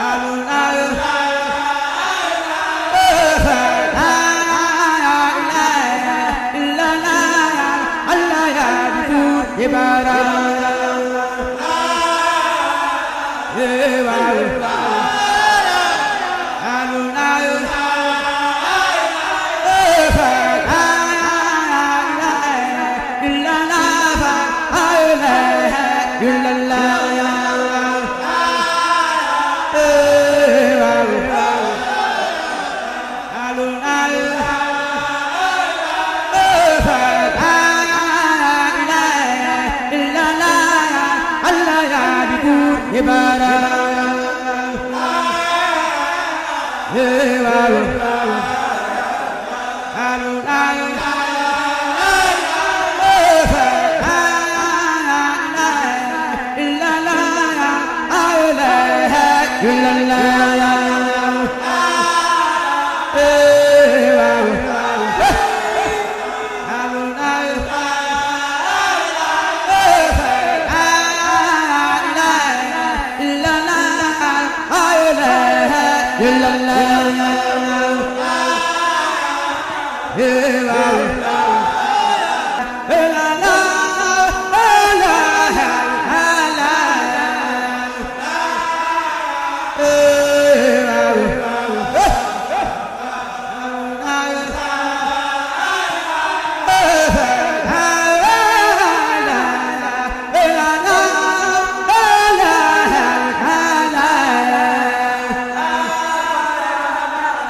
I don't know.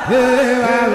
Hey,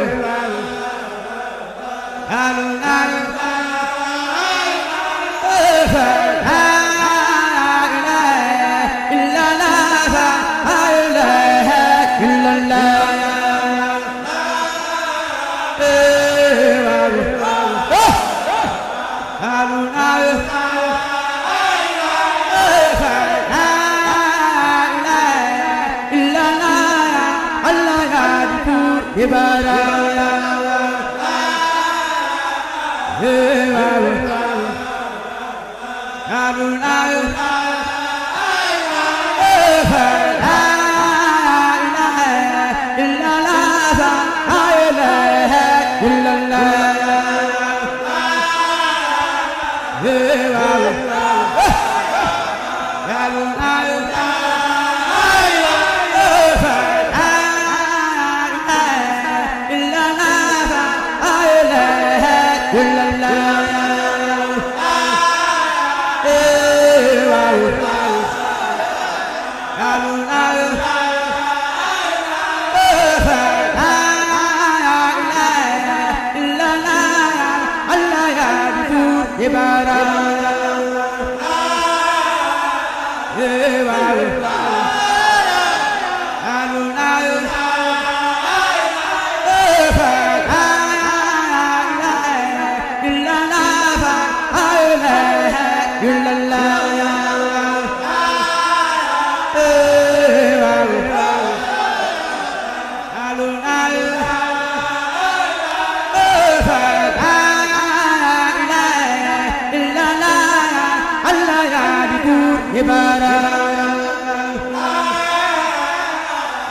Hey,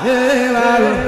Hey,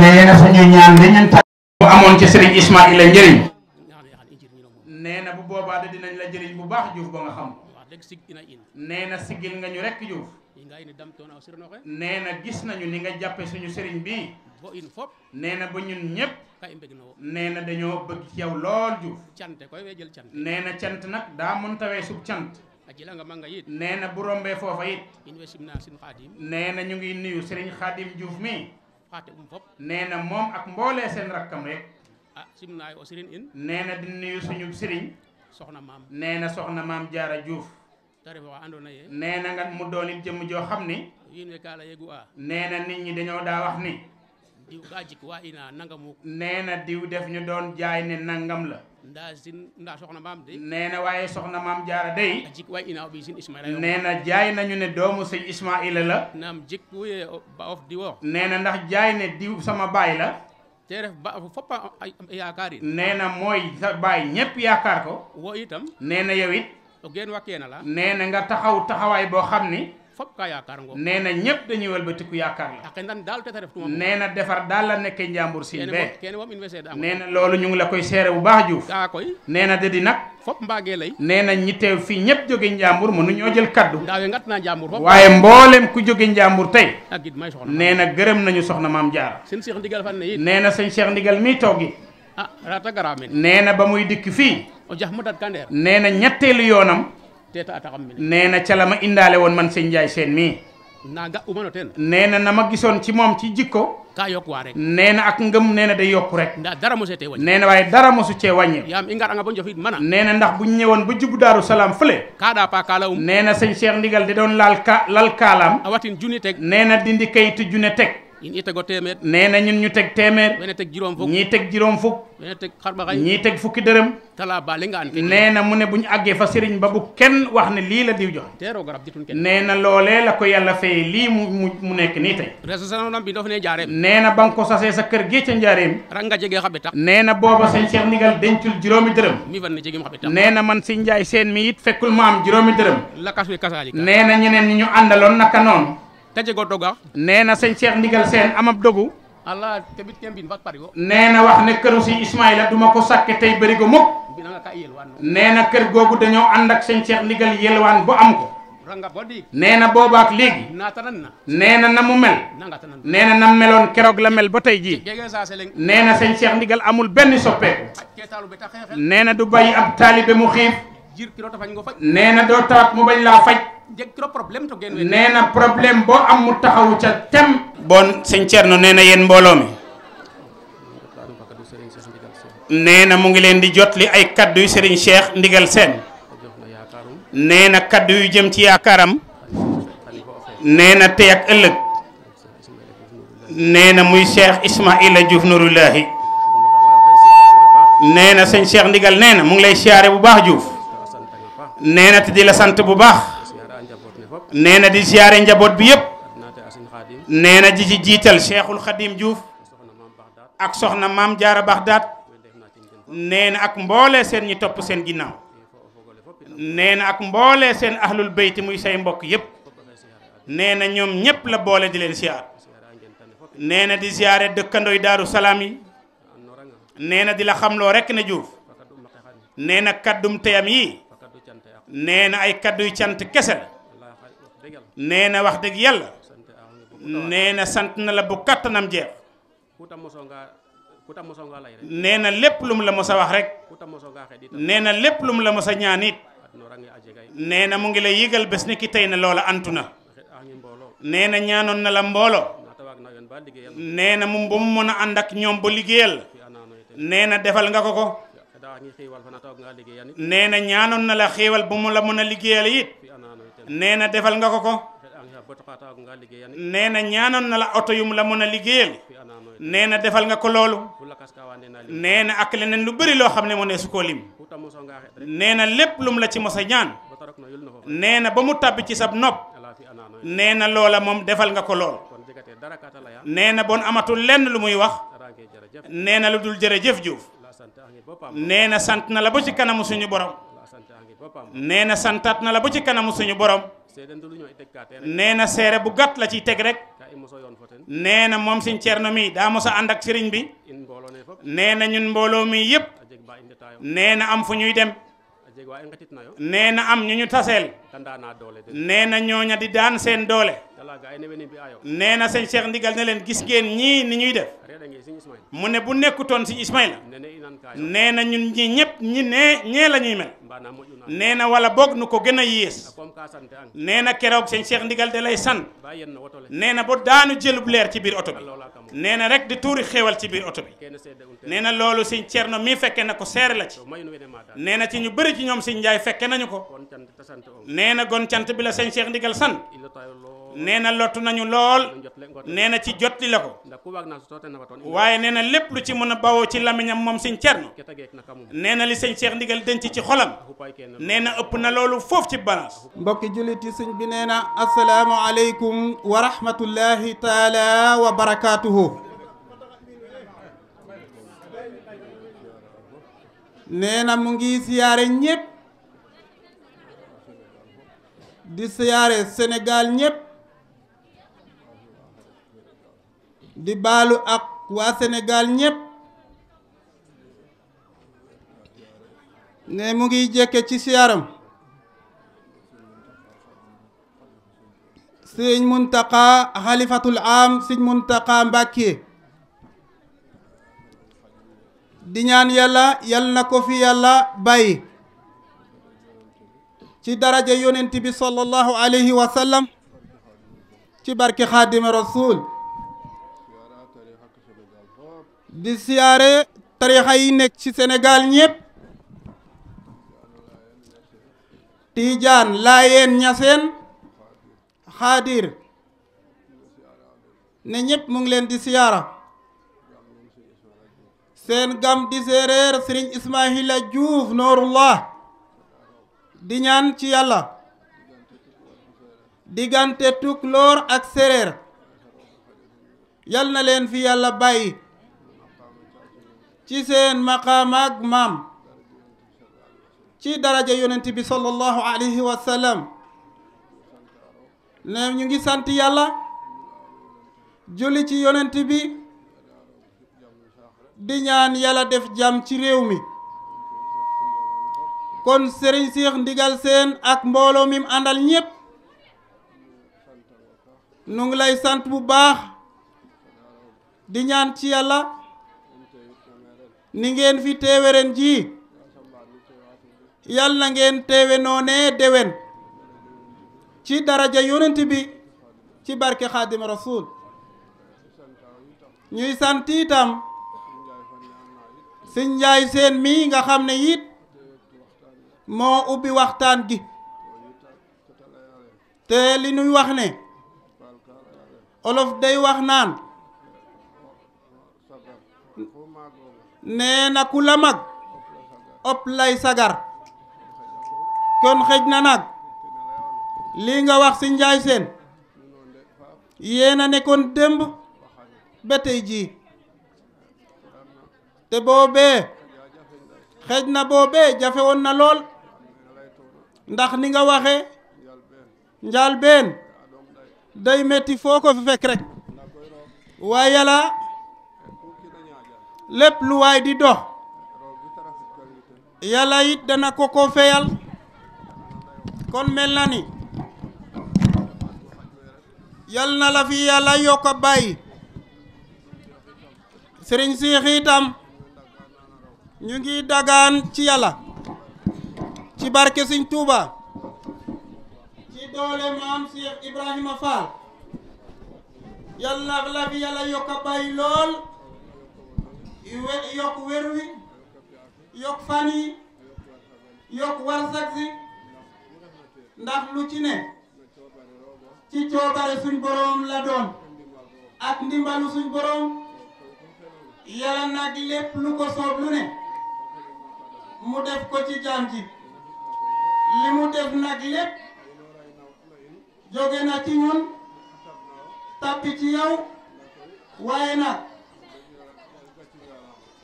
nee na suñu ñaan li ñu tànn bu amoon ci sëriñ Ismaïla njëriñ nee na bu boobaa de dinañ la jëriñ bu baax Diouf ba nga xam nee na sigil nga ñu rek Diouf nee na gis nañu ni nga jàppe suñu sëriñ bi nee na ba ñun ñëpp nee na dañoo bëgg ci yow lool Diouf nee na cant nag daa mëntawee sub cant nee na bu rombee foofa it nee na ñu ngi nuyu sëriñ Xaadim Diouf mi faate um fop nee na moom ak mboolee seen rakkam rek ah simnaayo o sëriñ in nee na di nuyu suñu sëriñ soxna maam nee na soxna maam jaara juuf te ref oxa andoona yee nee nga mu doon it jëmm joo xam ni wiin we kaa a na nit ñi dañoo daa wax ni diw kaa jik waa ina nangamuk nee na diw def ñu doon jaay ne nangam la ndaa sin ndaa soxna maam de nee na waaye soxna maam jaara day jik way ina oɓi sin nee na jaay nañu ne doomu sëñ ismaila la naam jik wuye ba of di woo nee na ndax jaay ne diw sama baay la te ref ba foppa yaakaar it nee na mooy sa baay ñépp yaakaar ko woo itam nee na yow it o geen wa keena la nee na nga taxaw taxawaay boo xam ni fop ka yaakaar ngoo nee na ñëpp dañuy wëlbatiku yaakaar la ake ndan daal tete reftuma nee na defar daal la nekkee njàmbur siin bee kene moom na loolu ñu ngi la koy seere bu baax Diouf kaa koy na nag fop mbaagee lay nee na ñi teew fii ñoo jël kaddu ndaawe ngat naa njàmbur fop waaye mboolem ku jóge njàmbur tey ak it na gërëm nañu soxna maam jaar seen Cheikh Ndigal fan ne it nee na seen Cheikh Ndigal mii toog it ah na ba muy dikk fii o jax ma dat kandeer nee na ñetteelu yoonam nee na ca la ma indaale woon man sëñ Ndiaye seen mii nee na na ma gisoon ci moom ci jikko ka yok wa rek nee na ak ngëm nee na day yokku rek ndax dara mosu cee nee na waaye dara mosu cee wàññi yaam i ngar anga nee na ndax buñ ñëwoon ba jubu daaru salaam fële ka daa pa kaala um nee na sëñ Cheikh Ndigal di doon laal ka lal kaalaam awatin junni teg nee na dindi kayitu junne teg ñi tegoo téeméer nee na ñun ñu teg téeméer wene teg juróom fukk ñii teg juróom fukk wene teg xarba xay ñii teg fukki dërëm tala ba li nga ante nee na mu ne bu fa sëriñ ba kenn wax ne lii la diw joxe teeroo garab jitun kenn na loolee la ko yàlla fay lii mu mu nekk nii tey resasanam bi daf ne jaareem nee na ba nga ko sa kër gii ca njaareem rak nga jegee xabi nee na booba sëñ Cheikh Ndigal dencul juróomi dërëm mi fan ne jegim xabi na man si njaay seen mi it fekkul ma am juróomi dërëm la kas wi kasaali nee na ñeneen ñi ñu àndaloon naka noonu taje go doga neena seigne cheikh ndigal sen amab dogu allah tebit kembin fak parigo neena wax ne keuru ci ismaila duma ko sakke tay berigo muk bina nga ka yelwan neena keur gogu dañu and ak seigne cheikh ndigal yelwan bu am ko ranga bodi neena boba ak legi neena na mu mel neena nam melon kérok la mel ba tay ji neena seigne cheikh ndigal amul ben soppé neena du bayyi ab talibé mu xif nee na doo tawat mu bañ la faj jek na problème bo am mu taxaw ca tem bon sëñ cierno nee na mbolo mi nee na mu ngi len di jotli ay kaddu yu Serigne Cheikh Ndigal sen nee na kaddu yu jëm ci yaakaaram nee na tey ak ëllëg nee muy Cheikh Ismaïla djouf Nouroulahi nee na Cheikh Ndigal na mu ngi lay siyaare bu baax djouf nee na te di la sant bu baax nee na di ziyaare njaboot bi yëpp nee na di ci jiital Cheikhul Khadim Diouf ak soxna maam Jaara Baxdaat nee na ak mboole seen ñi topp seen ginnaaw nee na ak mboole seen ahlul bayti muy say mbokk yëpp nee na ñoom ñëpp la boole di leen ziyaar nee na di ziyaare dëkkandoy daaru salaam yi nee na di la xamloo rekk ne Diouf nee na kaddum teyam yi nee na ay kaddu yu cant kese la na wax dëgg yàlla nee na sant na la bu kattanam jeex nee na lépp lu mu la mos a wax rek nee na lépp lu mu la mos a ñaan it nee na mu ngi lay yëgal bés ni ki tey na loola antu na nee na ñaanoon na la mbooloo nee na mu ba mu mën a ànd ak ñoom ba liggéeyal nee defal nga ko ko nee na ñaanoon na la xéewal bu mu la mën a liggéeyal it nee na defal nga ko ko nee na ñaanoon na la oto yu mu la mën a liggéeyal nee na defal nga ko loolu nee na ak leneen lu bëri loo xam ne moo ne su koo lim nee na lépp lu mu la ci mos a ñaan nee na ba mu tàbbi ci sab nopp nee na loola moom defal nga ko lool nee na bon amatul lenn lu muy wax nee na lu dul jërëjëf Juuf nena sant na la bu ci kanamu suñu borom nena santat na la bu ci kanamu suñu borom nee na bu gat la ci teg rek nena mom señ cierno mi da musa andak ànd bi ñun mbolo mi yépp am fuñuy dem nena am ñu ñu taseel ñoña di daan seen doole nee señ Cheikh ndigal na len gis ngeen ñi ni ñuy def mu ne bu si ismaila nee na ñun ñi ñëpp ñi nee ñee la ñuy mel nee na wala boog nu ko gën a yées ah, nee na keroog sëñ Cheikh Ndigal da lay san nee na ba daanu jëlub leer ci biir oto bi ah, nee rek di tuuri xéewal ci biir oto bi nee loolu sëñ Cerno la ci na ci ñu bëri ci ñoom sëñ Njaay fekke nañu ko nee na gon cant Ndigal san nee lottu nañu lool nee na ci jotli la ko waaye nee lépp lu ci mën a bawoo ci lamiñam moom sëñ Cerno nee li sëñ Cheikh Ndigal denc ci xolam nee na ëpp na loolu foofu ci balance mbokki jullit yi suñ bi nee na asalaamu aleykum wa rahmatullahi wa barakaatuhu nee mu ngi siyaare ñépp di siyaare Sénégal ñépp di baalu ak waa Sénégal ñépp ne mu ngi jekke ci siyaaram sëñ Muntaqa xalifatul am sëñ Muntaqa Mbàkke di ñaan yàlla yal na ko fi yàlla ci daraja yonent bi sallallahu alayhi wa ci barke xaadima rasul di siyaare tarixa yi nekk ci Sénégal ñépp tiijaan laayeen sen hadir ne ñep mu ngi len di sen gam di sering serigne Ismaahila djouf nourullah di ñaan ci yàlla tuk lor ak serer yal na fi yalla bayyi ci sen maqam ak mam ci daraja yonent bi sallallahu alayhi wa sallam ne ñu ngi sant yàlla julli ci yonent bi di ñaan yàlla def jàmm ci réew mi kon Serigne Cheikh Ndigal seen ak mbooloo mi mu àndal ñépp nu ngi lay sant bu baax di ñaan ci yàlla ni ngeen fi teewe ji yàlla ngeen teewe noonee déwén ci daraja yonent bi ci barke xaadim rasul ñuy sant itam sëñ Njaay Seen mii nga xam ne it moo ubbi waxtaan gi te li nuy wax ne olof day wax naan nee na ku la mag op lay sagar kon xëj na nag lii nga wax si njaay seen yéen a nekkoon démb ba jii te boobee xëj na boobee jafe woon na lool ndax ni nga waxee njaal been day metti foo ko fekk rek waaye yàlla lépp lu waay di dox yàlla dana ko ko feyal kon mel na ni yal na la fi yàlla yokk bàyyi sëriñ Seex itam ñu ngi dagaan ci yàlla ci barke Sëriñ Tuuba ci doole maam Seex Ibrahima Fall yal na la fi yàlla yokk bàyyi lool yokk wér yokk fan yokk warsak si ndax lu ci ne ci coobare suñ borom la doon ak ndimbalu suñ borom yàlla nag lépp lu ko soob lu ne mu def ko ci jaam ji li mu def nag lépp jóge na ci ñun tàppi ci yow waaye nag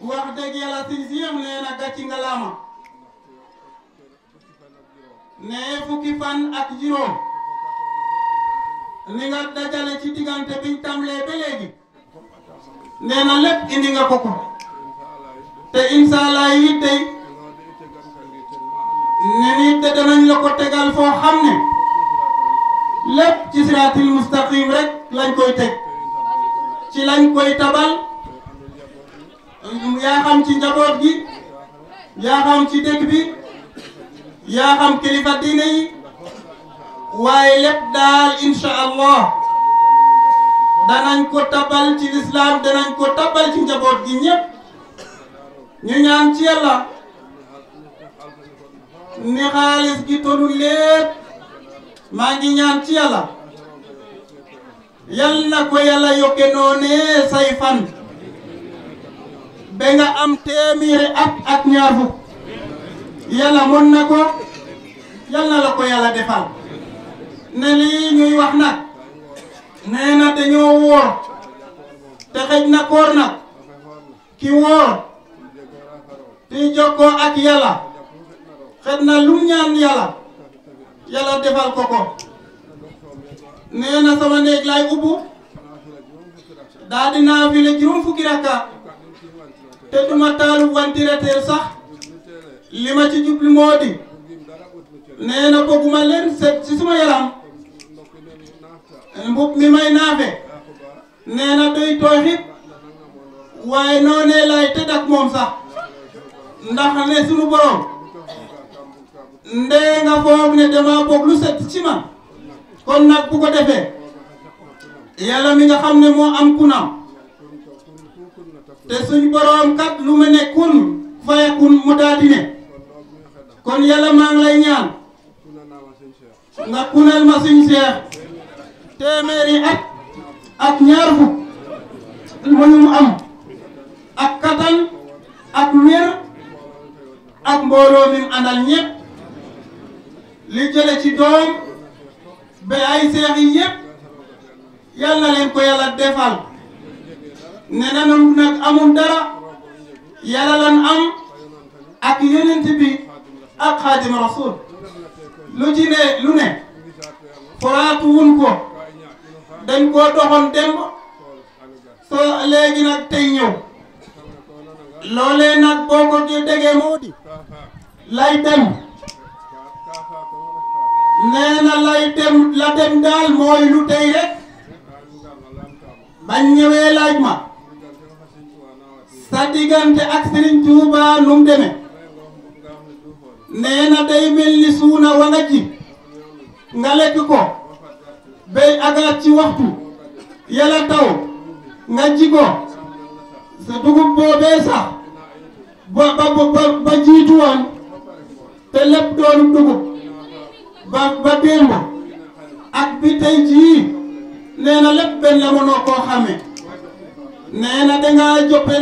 wax dëgg yàlla siñ si yam leen a gàcci nga laama ne fukki fan ak juróom li nga dajale ci diggante biñ tàmbalee ba léegi nee na lépp indi nga ko ko te incha allah yi tey ne ni te danañ la ko tegal foo xam ne lépp ci siraatil mustaqim rek lañ koy teg ci lañ koy tabal yaa xam ci njaboot gi yaa xam ci dëkk bi. yaa xam kilifa diine yi waaye lépp daal incha allah danañ ko tabal ci lislaam danañ ko tabal ci njaboot gi ñëpp ñu ñaan ci yàlla ni xaalis gi tonu lépp maa ngi ñaan ci yàlla yal na ko yàlla yokke noonee say fan ba nga am téeméeri at ak ñaar fukk yàlla mën na ko yàlla la ko yàlla defal ne lii ñuy wax nag nee na dañoo wóor te xëj na koor nag ki wóor di jokkoo ak yàlla xëj na lum ñaan yàlla yàlla defal ko ko nee na sama néeg laay ubbu daa dinaa fi le fukki rakka te duma taalu wantireteer sax li ma ci jublu moo di nee na leen seet ci suma yaram mbub mi may naafe nee na doy tooxit waaye noonee laay tëdd ak moom sax ndax ne sunu borom ndee nga foog ne dama bëgg lu set ci ma kon nag bu ko defee yàlla nga xam ne moo am kunam te suñ borom kat lu ma nekkun fayakun mu daal di ne kon yàlla maa ngi lay ñaan nga kunal ma suñ seex ak ñaar fukk mënum am ak katan ak wér ak mbooloo mi mu àndal ñëpp ci doom ba ay seex yi yëpp yàlla leen ko yàlla defal ne nanu nag amul dara yàlla lan am ak yonent bi ak xaadim rasul lu ci ne lu ne xoolaatu wun ko dañ koo doxoon démb soo léegi nag tey ñëw loolee nag boo ko déggee moo lay dem nee na lay dem la dem daal mooy lu tey rek bañ ñëwee laaj ma sa diggante ak Serigne Touba nu mu nee na day mel ni suuna wanga ji nga lekk ko bay agaat ci waxtu yàlla taw nga ji ko sa dugub boobee sax ba ba ba jiitu te lépp doon dugub ba ba démb ak bi tey jii nee na lépp benn la mënoo koo xame nee na dangaa joppe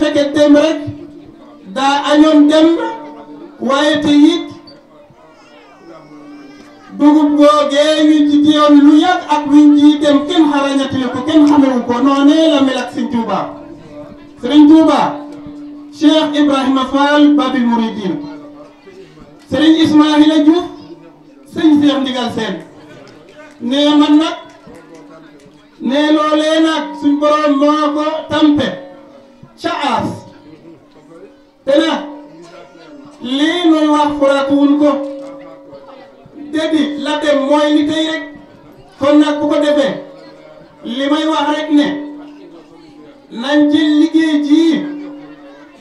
fekke démb rek daa añoon démb waaye te it dugub googee ñu ci lu yàgg ak wiñ ci dem kenn xarañatile ko kenn xamewu ko noonee la mel ak sëñ Touba sëriñ Touba Cheikh Ibrahima Fall Babil Mouridine sëriñ Ismaïla Diouf sëñ Cheikh Ndigal Sène nee nag nee loolee nag suñ moo ko tampe ca aas te nag lii nuy wax furaatuwul ko déedéet la dem mooy li rek kon nag bu ko li may wax rek ne nañ jël liggéey ji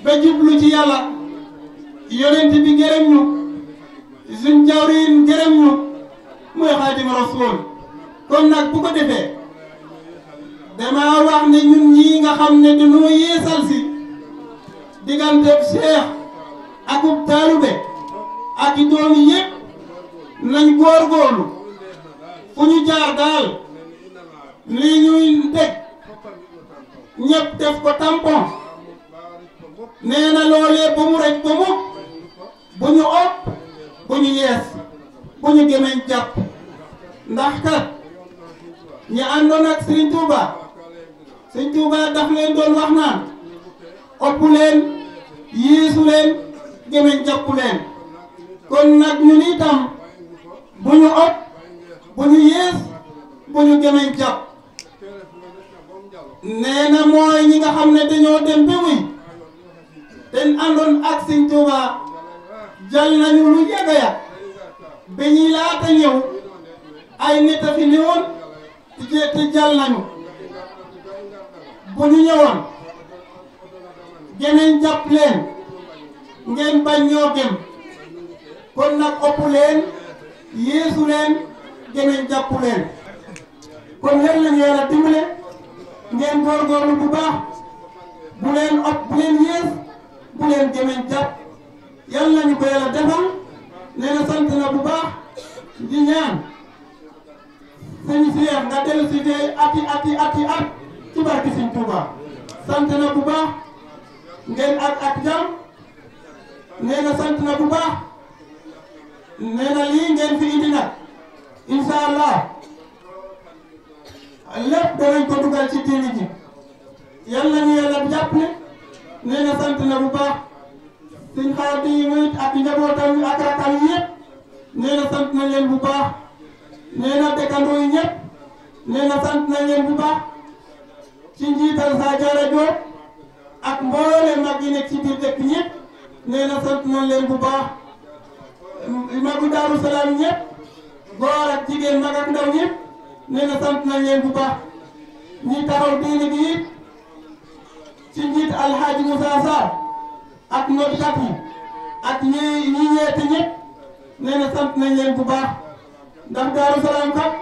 ba jublu ci yàlla yonent bi gërëm ñu suñ jawriñ gërëm ñu muy xaadim rasul kon nag bu ko defee dama wax ne ñun ñii nga xam ne dañoo yeesal si digganteeg Cheikh. akum taalube ak i doom yëpp nañ góorgóorlu fu ñu jaar daal ñuy teg ñëpp def ko tampon nee na loolee ba mu rëcc ba mu bu ñu ëpp bu ñu yees bu ñu gëmeñ jàpp ndax kat ñi àndoon ak Serigne Touba Serigne Touba daf leen doon wax naan ëpp leen yéesu leen. gémmiñ jàpp leen kon nag ñu ni itam bu ñu ëpp bu ñu yées bu ñu gémmiñ jàpp nee na mooy ñi nga xam ne dañoo dem ba wuy dañ àndoon ak Sëñ nañu lu yàgga yàgg bi ñuy laata ñëw ay nit a fi ni woon te jal nañu bu ñu ñëwoon gémmiñ jàpp leen ngeen bañ ñoo gëm kon nag ëpp leen yéesu leen geneen jàpp leen kon leen lañu yàlla dimbale ngeen góorgóorlu bu baax bu leen ëpp bu leen yées bu leen geneen jàpp yàlla nañu ko yàlla defal nee na sant na bu baax di ñaan sëñ Cheikh nga dellu si tey ati ati ati at ci barki Sëñ sant na bu baax ngeen ak ak jàmm nee na sant na bu baax nee na lii ngeen fi indi nag incha allah lépp danañ ko dugal ci diini ji yàlla ñu yàlla jàppale nee na sant na bu baax suñ xaar bi muy ak njabootam ak rakam yëpp nee na sant na sant na leen bu baax ci njiital Saa Jaara ak mboolem mag yi ci biir dëkk ñëpp. nee na sant nañ leen bu baax magu Daaru Salaam ñëpp góor ak jigéen mag ak ndaw ñëpp nee na sant nañ leen bu baax ñi taxaw diine bi ci njiit Alxaaji Moussa Sarr ak noddkat yi ak ñi ñi yeete ñëpp nee na sant nañ leen bu baax ndax Daaru Salaam kat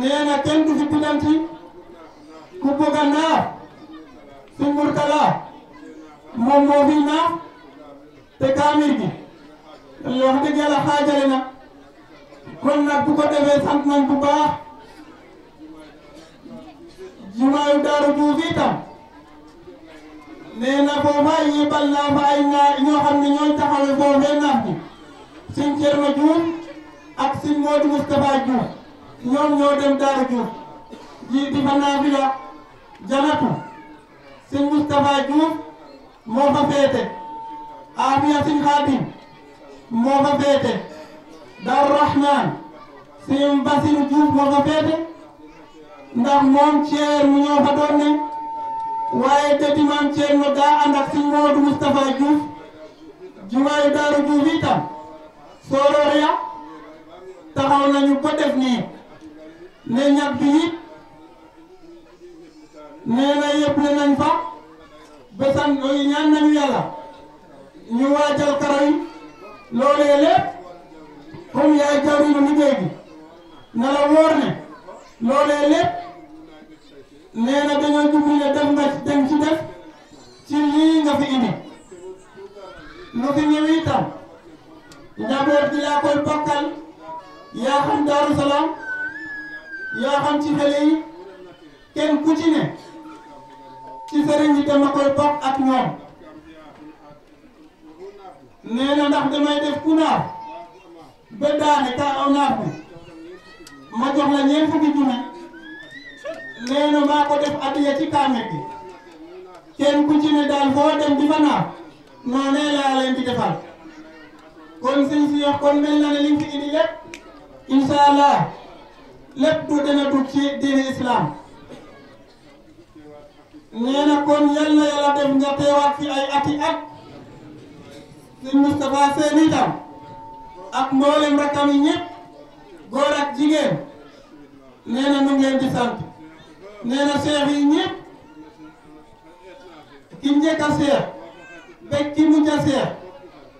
nee na kenn du fi ku bëgg a naaf si moom moo fi te kaamil bi wax dëgg yàlla xaajale na kon nag bu ko defee sant nañ bu baax jumaayu daaru Diouf itam nee na foofa yebal naa fa ay naa ñoo xam ne ñooy taxawee foofee naaf bi sëñ Thierno Diouf ak sëñ Modou Moustapha Diouf ñoom ñoo dem daaru Diouf ji di fa naafila janatu sëñ Moustapha Diouf moo fa féete Abiyatin Xaadim moo ko féete Daaru Rahmaan Sëñ Basiru Juuf moo ko ndax moom ceer mu ñoo fa doon ne waaye te ceer no daa ànd ak Sëñ Moodu Moustapha Juuf jumaayu Daaru Juuf itam sooroor ya taxaw nañu ba def nii ne ñag bi it nee na yëpp nañ fa besan ñaan nañu yàlla ñu waajal karaw yi loolee lépp comme yaay jawriñu liggéey bi na la wóor ne loolee lépp nee na dañoo jublu ne def nga dem ci def ci lii nga fi indi lu fi ñëw itam njaboot gi yaa koy bokkal yaa xam Daaru yaa xam ci xale yi kenn ku ne ci sëriñ yi dama koy bokk ak ñoom. nee na ndax damay def kunaar ba daane ka aw naaf bi ma jox la ñeent fukki junni nee maa ko def addiya ci kaamil kenn ku ci ne daal dem di fa naaf noonee laa leen di defal kon sëñ kon mel na ne li fi indi lépp incha lépp du dana dugg ci diini islam nee na kon yal na yàlla def nga teewaat fi ay ati at. sëñ Moustapha Seen itam ak mboolem rakam yi ñëpp góor ak jigéen nee na nu di sant nee na seex yi ñëpp ki njëkk seex beeg ki mujj seex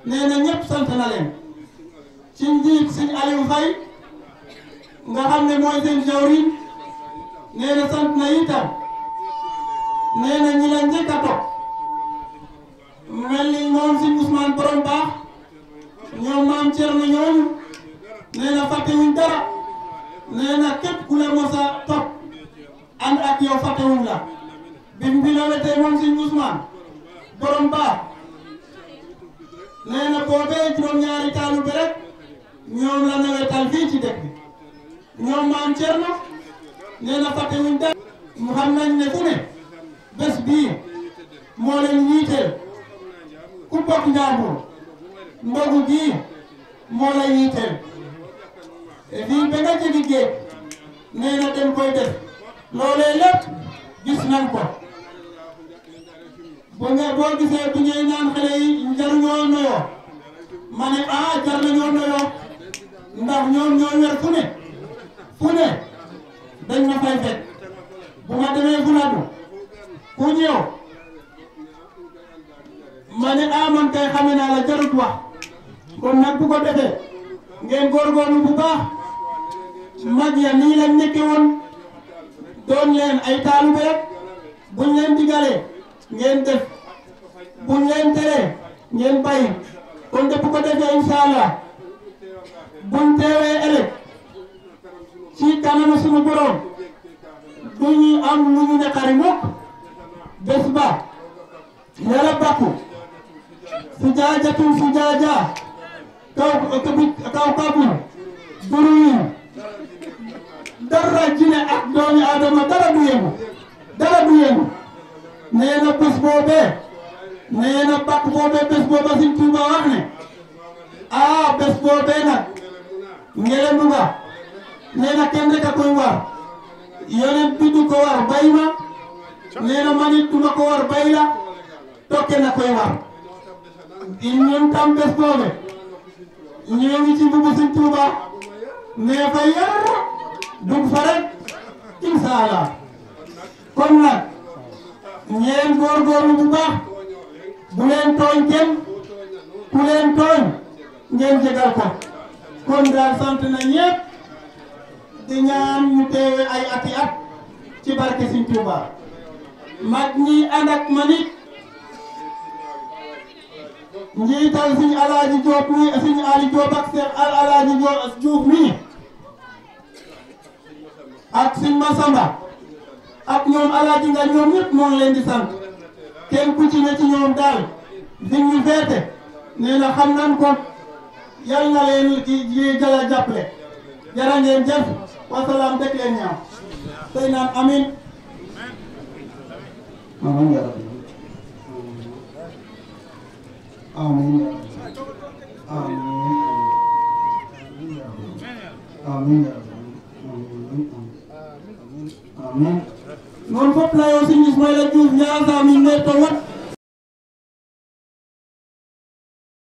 nee na sant na leen ci njiit sëñ Aliou Faye nga xam ne mooy seen jawriñ nee sant na itam nee na ñi la njëkk a mel ni moom si Ousmane borom baax ñoom maam Thierno ñooñu nee na fàttewuñ dara nee képp ku la mos topp ànd ak yow fàttewuñ la bi mu fi nawetee moom si Ousmane borom baax nee na boobee juróom-ñaari taalu bi rek ñoom la nawetal fii ci dëkk bi ñoom maam Thierno nee na fàttewuñ dara mu xam nañ ne fu ne bés bii moo leen yiiteel. ku bokk njàmbur ndogu gi moo la yitteel lii ba nga jëli géej nee na dañ koy def loolee lépp gis nañ ko bu nga boo gisee bu ñuy naan xale yi njaruñoo noyoo ma ne ah jar nañoo noyoo ndax ñoom ñoo wer fu ne fu ne dañ ma fay fekk bu ma demee fu la ku ñëw ma ne amoon kay xame naa la jarut wax kon nag bu ko defee ngeen góorgóorlu bu baax mag ya nii lañ nekke woon doon leen ay taalube rek buñ leen digalee ngeen def buñ leen teree ngeen bàyyi kon de bu ko defee incha allah buñ teewee ëllëg ci kanam suñu borom du ñu am lu ñu naqari mukk bés ba yàlla bàkku Sujaajatu sujaaja kawkabu buruy dara jine ak doomi Adama dara du yëngu dara du yëngu nee na boobee nee na boobee bés booba Sëñ Tuuba wax ne ah bés boobee nag ngelendu nga nee rek a koy war yonent bi ko war bay ma nee na man it ko war bay la toog a koy war. ñun tam bés boobu ñoo ngi ci mbubu Sëñ nee fa yar dugg fa rek incha allah kon nag ñeen góorgóorlu bu baax bu leen tooñ kenn ku leen tooñ ngeen jégal ko kon daal sant na ñépp di ñaan ñu ay ati at ci barke Sëñ Tuuba mag ñi ànd ak man njiital siñ alaaji Diop mi siñ Ali Diop ak seen al alaaji Diop ak siñ Masamba ak ñoom alaaji nga ñoom ñëpp moo leen di sant kenn ku ci ne ci ñoom daal di ñu féete nee na xam nan ko yal leen ji jala jàppale jara ngeen jëf wasalaam dëkk tey naan amin Amen. Amen. Amen. Amen. noon fop layo sin Ismaila Diouf ñaasa mi ne tawat